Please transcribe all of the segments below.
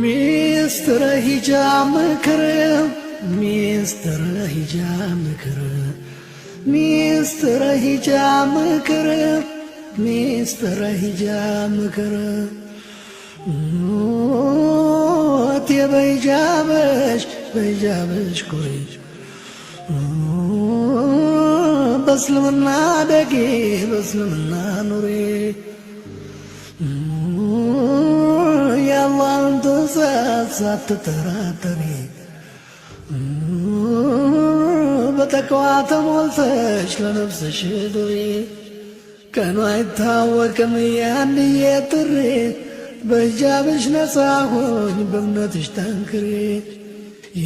ሚስጥረ ሂጃብ ምክር ሚስጥረ ሂጃብ ምክር ሚስጥረ ሂጃብ ምክር ሚስጥረ ሂጃብ ምክር ቴ በሂጃብሽ በሂጃብሽ ኮይሽ በእስልምና ደጌ በእስልምና ኑሬ የአላህን ትእዛዝ ሳትጠራጠሪ በተቅዋ ተሞልተሽ ለነፍስሽ ዱሪ ቀኑ አይታወቅም ያንዬ ጥሪ በሂጃብሽ ነፃ ሆኝ በእምነትሽ ጠንክሪ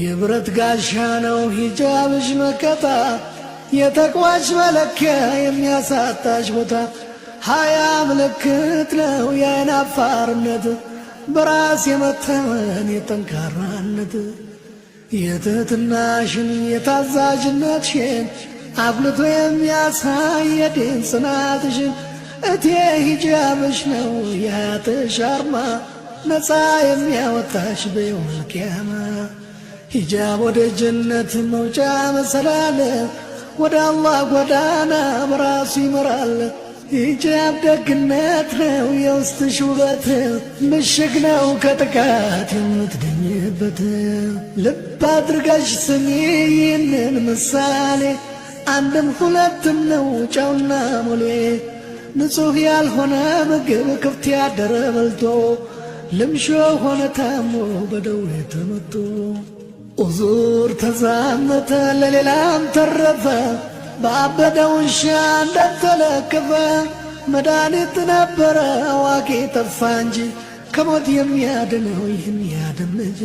የብረት ጋሻ ነው ሂጃብሽ መከታ የተቅዋሽ መለኪያ የሚያሳጣሽ ቦታ ሀያ ምልክት ነው የአይን አፋርነት በራስ የመተመን የጠንካራነት የትህትናሽን የታዛዥነትሽን አብልቶ የሚያሳይ የዴን ጽናትሽን እቴ ሂጃብሽ ነው የሀያትሽ አርማ ነፃ የሚያወጣሽ በየውመል ሂጃብ ወደ ጀነት መውጫ መሰላለ ወደ አላህ ጎዳና በራሱ ይመራል። ሂጃብ ደግነት ነው፣ የውስጥሽ ውበት ምሽግ ነው ከጥቃት የምትገኝበት። ልብ አድርጋሽ ስሚ ይህንን ምሳሌ፣ አንድም ሁለትም ነው ጨውና ሞሌ። ንጹሕ ያልሆነ ምግብ ክፍት ያደረ በልቶ ልምሾ ሆነ ታሞ በደዌ ተመቶ ኡዙር ተዛመተ ለሌላም ተረፈ በአበደ ውሻ እንደተለከፈ መድኃኒት ነበረ አዋቂ ጠፋ እንጂ ከሞት የሚያድነው ይህን ያድም ልጅ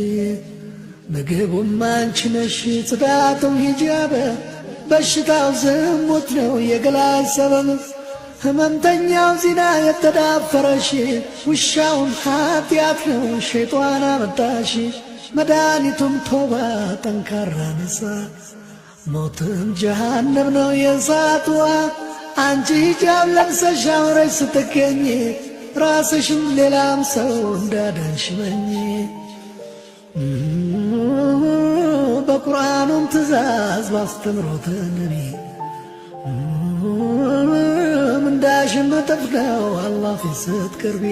ምግቡም አንቺ ነሽ ጽዳቱም ሂጃበ በሽታው ዝሙት ነው የገላጭ ሰበብ ህመምተኛው ዚና የተዳፈረሽ ውሻውን ኃጢአት ነው ሸይጧን አመጣሽ መድኃኒቱም ቶባ ጠንካራ ነሳ ሞትም ጀሃነም ነው የእሳቷ። አንቺ ሂጃብ ለብሰሽ አምረሽ ስትገኝ ራስሽም ሌላም ሰው እንዳዳንሽ መኝ በቁርአኑም ትእዛዝ ባስተምሮት ነቢ ምንዳሽም እጥፍ ነው አላህ ፊት ስትቀርቢ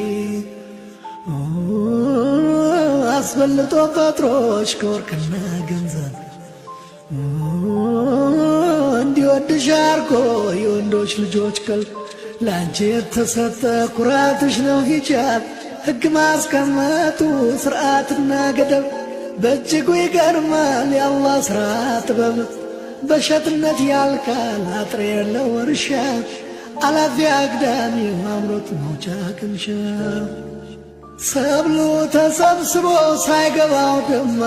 አስበልጦ ፈጥሮሽ ከወርቅና ገንዘብ እንዲወድሽ አርጎ የወንዶች ልጆች ቅል ለአንቺ የተሰጠ ኩራትሽ ነው ሂጃብ ሕግ ማስቀመጡ ሥርዓትና ገደብ በእጅጉ ይገርማል ያላ ሥራ ጥበብ። በሸትነት ያልካል አጥር የለው እርሻ አላፊ አግዳሚ አምሮት መውጫ ቅምሻ ሰብሉ ተሰብስቦ ሳይገባው ደማ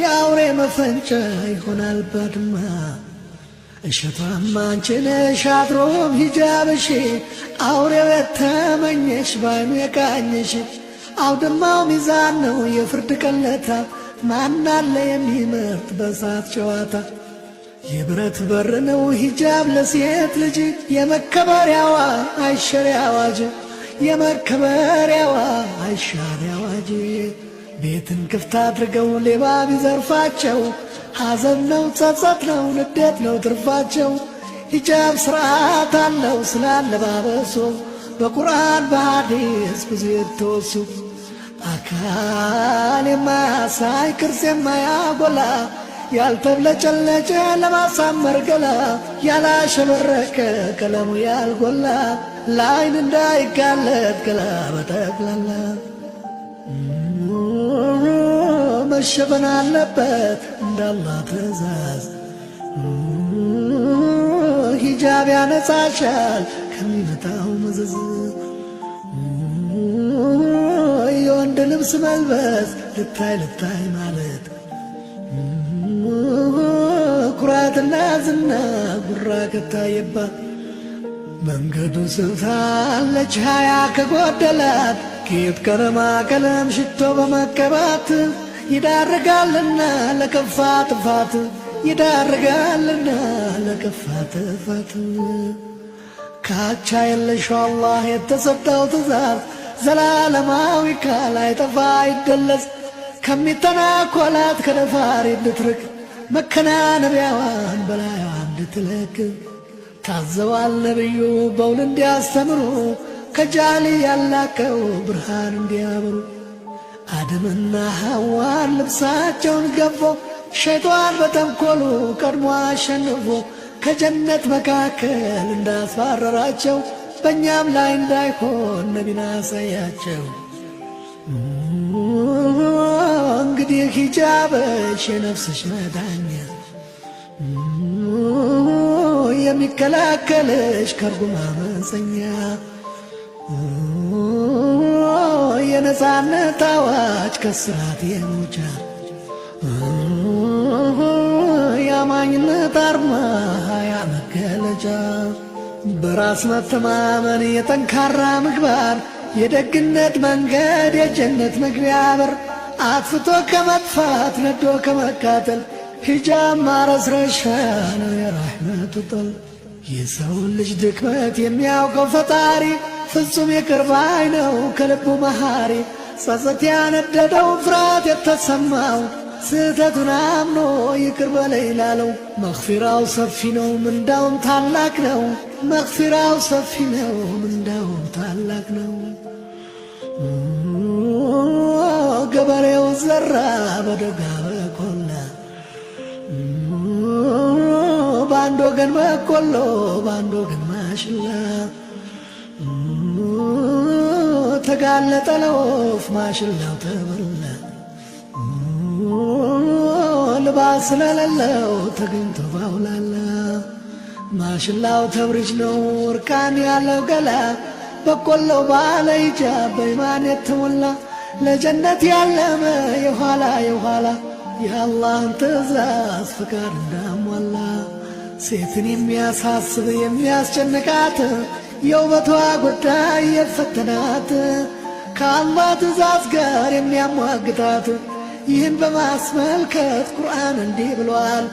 የአውሬ መፈንጫ ይሆናል ባድማ እሸቷማ አንችነሽ አትሮም ሂጃብሽ አውሬው የተመኘሽ ባይኑ የቃኘሽ አውድማው ሚዛን ነው የፍርድ ቀለታ ማናለ የሚመርጥ በሳት ጨዋታ የብረት በር ነው ሂጃብ ለሴት ልጅ የመከበሪያዋ አይሸሪ አዋጅ የመከበሪያዋ አይሻሪ አዋጅ ቤትን ክፍት አድርገው ሌባ ቢዘርፋቸው ሐዘን ነው፣ ጸጸት ነው፣ ንዴት ነው ትርፋቸው። ሂጃብ ስርዓት አለው ስላለባበሶ በቁርአን በሐዲስ ብዙ የተወሱ አካል የማያሳይ ቅርጽ የማያጎላ ያልተብለጨለጨ ለማሳመር ገላ ያላሸበረቀ ቀለሙ ያልጎላ ለአይን እንዳይጋለጥ ገላ በጠቅላላ መሸፈን አለበት እንዳላ ትእዛዝ። ሂጃብ ያነጻሻል ከሚመጣው መዘዝ። የወንድ ልብስ መልበስ ልታይ ልታይ ማለት ኩራትና ዝና ጉራ ከታየባት መንገዱ ስብታለች ሃያ ከጎደላት ጌጥ፣ ቀለማ ቀለም፣ ሽቶ በመቀባት ይዳርጋልና ለከፋ ጥፋት ይዳርጋልና ለከፋ ጥፋት ካቻ የለሽው አላህ የተሰጠው ትእዛዝ ዘላለማዊ ካል አይጠፋ አይደለጽ ከሚተናኮላት ከደፋሪ እንድትርቅ መከናነቢያዋን በላይዋ እንድትለክ ታዘዋል ነቢዩ በውል እንዲያስተምሩ ከጃሊ ያላቀው ብርሃን እንዲያበሩ አደምና ሐዋን ልብሳቸውን ገፎ ሸይጧን በተንኮሉ ቀድሞ አሸንፎ ከጀነት መካከል እንዳስባረራቸው በእኛም ላይ እንዳይሆን ነቢና አሳያቸው። እንግዲህ ሂጃበሽ የነፍስሽ መዳኛ የሚከላከልሽ ከርጉም አመፀኛ የነፃነት አዋጅ ከስራት የሞቻ የአማኝነት አርማ ያ መገለጫ በራስ መተማመን የጠንካራ ምግባር የደግነት መንገድ የጀነት መግቢያ በር አጥፍቶ ከመጥፋት ነዶ ከመቃጠል ሂጃብ ማረስረሻ ነው የራህመቱ ጥል የሰውን ልጅ ድክመት የሚያውቀው ፈጣሪ ፍጹም የቅርባይ ነው ከልቡ መሐሪ ጸጸት ያነደደው ፍርሃት የተሰማው ስህተቱን አምኖ ይቅር በለይ ላለው መኽፊራው ሰፊ ነው ምንዳውም ታላቅ ነው። መኽፊራው ሰፊ ነው ምንዳውም ታላቅ ነው። ገበሬው ዘራ በደጋ በቆላ በአንድ ወገን በቆሎ በአንድ ወገን ማሽላ ተጋለጠ ለወፍ ማሽላው ተበላ ልባስ ስለሌለው ተገኝቶ ባውላለ ማሽላው ተብርጅ ነው እርቃን ያለው ገላ በቆለው ባለ ይጃ በኢማን የተሞላ ለጀነት ያለመ የኋላ የኋላ የአላህን ትእዛዝ ፍቃድ እንዳሟላ ሴትን የሚያሳስብ የሚያስጨንቃት የውበቷ ጉዳይ የፈተናት ከአላ ትእዛዝ ጋር የሚያሟግታት ይህን በማስመልከት ቁርአን እንዲህ ብሏል።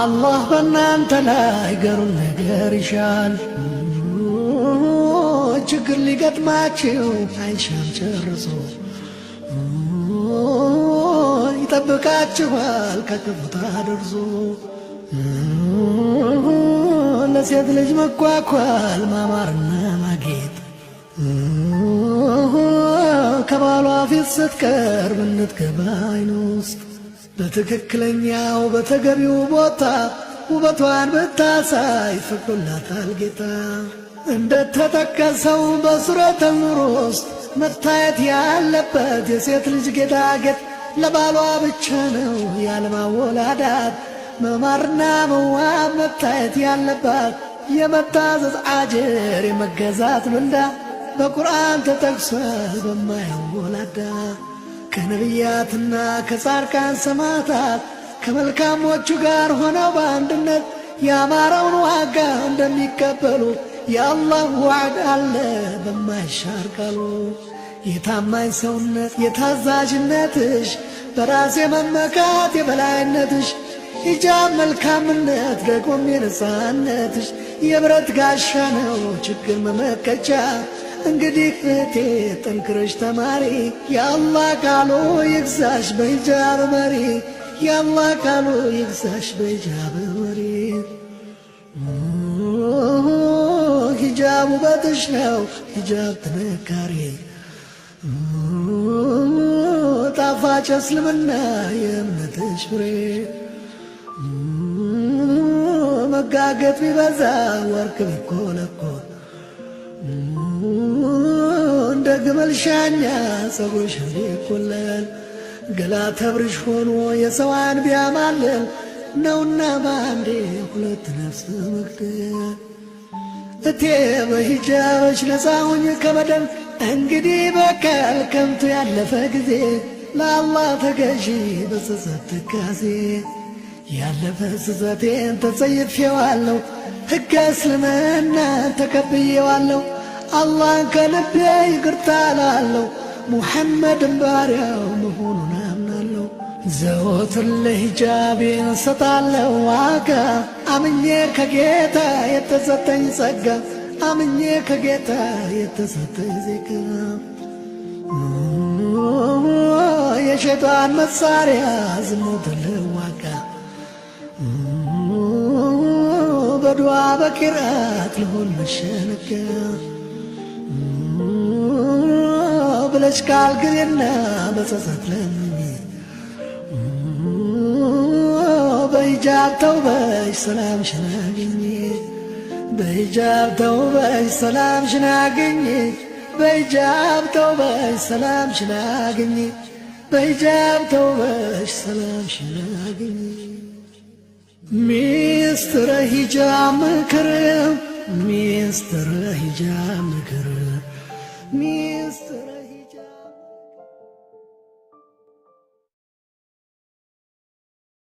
አላህ በእናንተ ላይ ገሩን ነገር ይሻል፣ ችግር ሊገጥማችሁ አይሻም ጨርሶ ይጠብቃችኋል ከክፉታ ደርሶ ለሴት ልጅ መኳኳል ማማርና ማጌጥ ከባሏ ፊት ስትቀርብ እንትገባ አይን ውስጥ በትክክለኛው በተገቢው ቦታ ውበቷን ብታሳይ ፈቅዶላታል ጌታ። እንደተጠቀሰው በሱረተ ኑር ውስጥ መታየት ያለበት የሴት ልጅ ጌጣጌጥ ለባሏ ብቻ ነው ያለማወላዳት መማርና መዋብ መታየት ያለባት የመታዘዝ አጀር የመገዛት ምንዳ በቁርአን ተጠቅሷል በማያወላዳ ከነቢያትና ከጻድቃን ሰማዕታት ከመልካሞቹ ጋር ሆነው በአንድነት ያማረውን ዋጋ እንደሚቀበሉ የአላህ ዋዕድ አለ በማይሻር ቃሉ። የታማኝ ሰውነት የታዛዥነትሽ በራሴ መመካት የበላይነትሽ ሂጃብ መልካምነት ደግሞም የነፃነትሽ የብረት ጋሻ ነው ችግር መመከቻ። እንግዲህ እህቴ ጠንክረሽ ተማሪ የአላህ ቃሉ ይግዛሽ በሂጃብ መሪ የአላህ ቃሉ ይግዛሽ በሂጃብ መሪ። ሂጃብ ውበትሽ ነው ሂጃብ ጥንካሬ ጣፋጭ እስልምና የእምነትሽ ፍሬ መጋገት ቢበዛ ወርቅ ብኮለኮል እንደ ግመል ሻኛ ጸጉርሽን ኮለል ገላ ተብርሽ ሆኖ የሰዋን ቢያማልል ነውና ባንዴ ሁለት ነፍስ መግደል እቴ በሂጃብሽ ነፃውኝ ከመደል እንግዲህ በቀል ከምቱ ያለፈ ጊዜ ለአላህ ተገዢ በጸጸት ትካዜ ያለፈ ስህተቴን ተጸይፌዋለሁ፣ ሕገ እስልምና ተቀብዬዋለሁ። አላህ ከልቤ ይቅርታ ላለሁ፣ ሙሐመድን ባሪያው መሆኑን አምናለሁ። ዘወትር ለሂጃቤን ሰጣለሁ ዋጋ አምኜ ከጌታ የተሰጠኝ ጸጋ አምኜ ከጌታ የተሰጠኝ ዜጋ የሸጣን መሳሪያ ዝሙት ልዋጋ ودوا بكرات لهون مشانك بلاش قال قلنا بس اتلمي بيجاب توبة سلام شناقني بيجاب توبة سلام شناقني بيجاب توبة سلام شناقني بيجاب توبة سلام شناقني मेस्त राही जाम कर